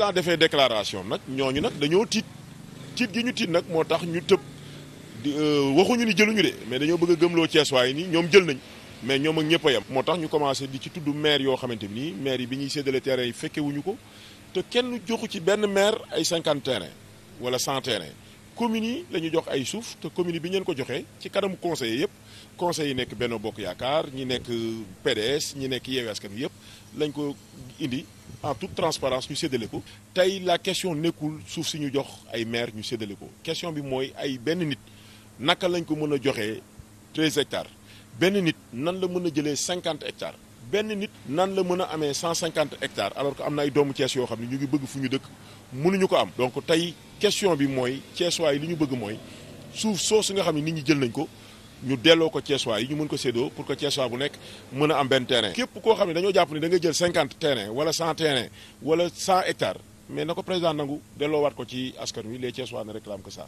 président defee déclaration nag ñooñu nag dañoo tiit tiit gi ñu tiit nag moo tax ñu tëb di euh, waxuñu ni jëluñu de mais dañoo bëgg a gëmloo Cees waaye nii ñoom jël nañ mais ñoom ak ñëpp yem. moo tax ñu commencé di ci tudd maire yoo xamante ni maire yi bi ñuy séddale terrain yi fekkewuñu ko te kenn joxu ci benn maire ay cinquante terrain wala cent terrain communes yi la ñu jox ay suuf te commune bi ñeen ko joxee ci kanamu conseillers yëpp conseillers yi nekk benn Bokk Yaakaar ñi nekk PDS ñi nekk Yewwi Askan Wi yëpp lañ ko indi en toute transparence ñu séddale ko tey la question nekkul suuf si ñu jox ay maire ñu seddale ko question bi mooy ay benn nit naka lañ ko mën a joxee treize hectares benn nit nan la mën a jëlee cinquante hectares benn nit nan la mën a amee cent cinquante hectares alors que am na ay doomu Cees yoo xam ne ñu ngi bëgg fu ñu dëkk mënuñu ko am donc tey question bi mooy Ceesuwaay li ñu bëgg mooy suuf soosu nga xam ne nit ñi jël nañ ko ñu delloo ko Ceesuwaay yi ñu mën ko séddoo pour que Ceesuwaay bu nekk mën a am benn terrain. képp koo xam ne dañoo jàpp ne da nga jël cinquante terrain wala cent terrain wala cent hectares mais na ko président nangu delloowaat ko ci askan wi les Ceesuwaay ne réclame que ça.